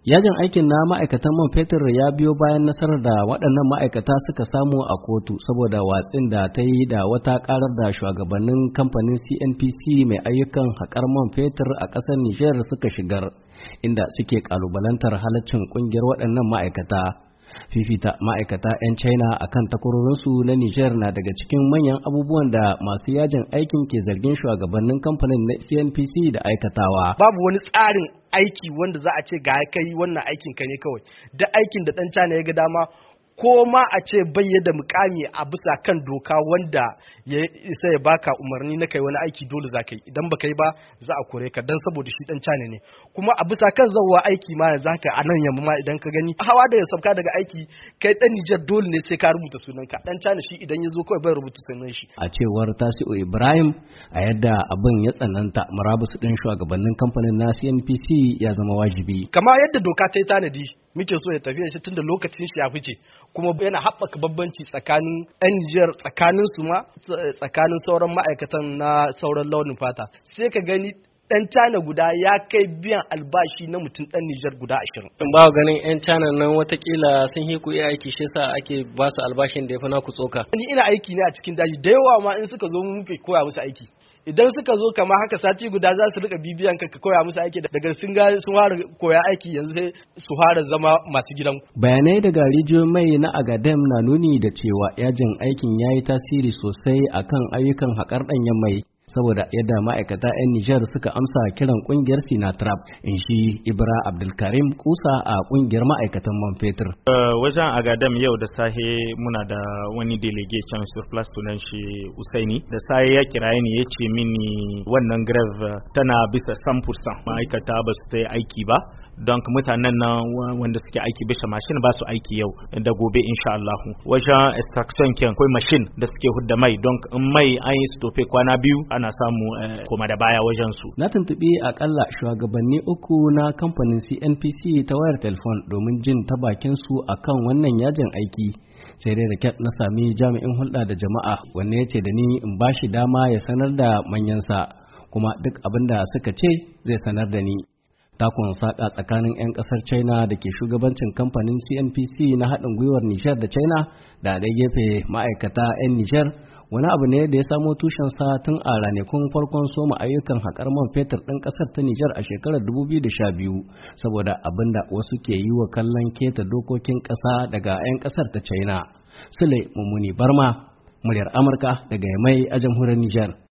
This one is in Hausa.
Yajin aikin na ma'aikatan man fetur ya biyo bayan nasarar da waɗannan ma'aikata suka samu a kotu saboda watsin da ta yi da wata ƙarar da shugabannin kamfanin CNPC mai ayyukan haƙar man fetur a ƙasar Nijar suka shigar, inda suke ƙalubalantar halaccin ƙungiyar waɗannan ma'aikata. fifita ma'aikata 'yan china akan takwarorinsu na niger na daga cikin manyan abubuwan da masu yajin aikin ke zargin shugabannin kamfanin na cnpc da aikatawa babu wani tsarin aiki wanda za a ce ga kai wannan aikin ka ne kawai da aikin da dan china ya ga dama ko ma a ce bayya da mukami a bisa kan doka wanda ya isa ya baka umarni na kai wani aiki dole za ka yi idan baka yi ba za a kore ka don saboda shi dan cani ne kuma a bisa kan zawa aiki ma za ka a nan yamma ma idan ka gani hawa da ya sauka daga aiki kai dan Nijar dole ne sai ka rubuta sunan ka dan cani shi idan ya zo kawai bai rubuta sunan shi a cewar Tasi'u Ibrahim a yadda abin ya tsananta murabus din shugabannin kamfanin na CNPC ya zama wajibi kamar yadda doka ta yi tanadi muke so ya tafiya shi da lokacin shi ya fice kuma yana haɓaka babbanci tsakanin yan Nijar tsakanin su ma tsakanin sauran ma'aikatan na sauran launin fata sai ka gani ɗan cana guda ya kai biyan albashi na mutum ɗan Nijar guda ashirin. In ba ganin yan cana nan watakila sun hiku ku aiki shi yasa ake ba su albashin da ya fi naku tsoka. Ni ina aiki ne a cikin daji da yawa ma in suka zo mun fi koya musu aiki. idan suka zo kama haka sati guda za su rika bibiyan ka koya musu aiki daga sun ga sun fara koya aiki yanzu sai su fara zama masu gidan bayanai daga rijiyo mai na agadem na nuni da cewa yajin aikin yayi tasiri sosai akan ayyukan hakar ɗanyen mai saboda yadda ma'aikata 'yan Nijar suka amsa kiran kungiyar Sinatrap in shi Ibra Abdulkarim Kusa a kungiyar ma'aikatan man fetur. Eh, wajen Agadam yau da sahe muna da wani delegation surplus sunan shi Usaini da sahe ya kira ni ya ce mini wannan grave eh, tana bisa 100% ma'aikata ba su yi aiki ba don mutanen nan wanda suke aiki bisa mashin ba su aiki yau da gobe insha Allah wajen extraction kin akwai mashin da suke hudda mai don in mai an yi stofe kwana biyu ana samu eh, koma da baya wajen su na tuntubi akalla shugabanni uku na kamfanin CNPC ta wayar telefon domin jin ta bakin su akan wannan yajin aiki sai dai raket na sami jami'in hulɗa da jama'a wanne ya ce da ni in bashi dama ya sanar da manyansa kuma duk abin da suka ce zai sanar da ni takon saƙa tsakanin 'yan ƙasar china da ke shugabancin kamfanin cnpc na haɗin gwiwar nijar da china da dai gefe ma'aikata 'yan nijar wani abu ne da ya samo tushensa tun a ranakun farkon soma ayyukan haƙar man fetur ɗin ƙasar ta nijar a shekarar 2012 saboda abin da wasu ke yi wa kallon keta dokokin ƙasa daga 'yan ƙasar ta china sule mummuni barma muryar amurka daga mai a jamhuriyar nijar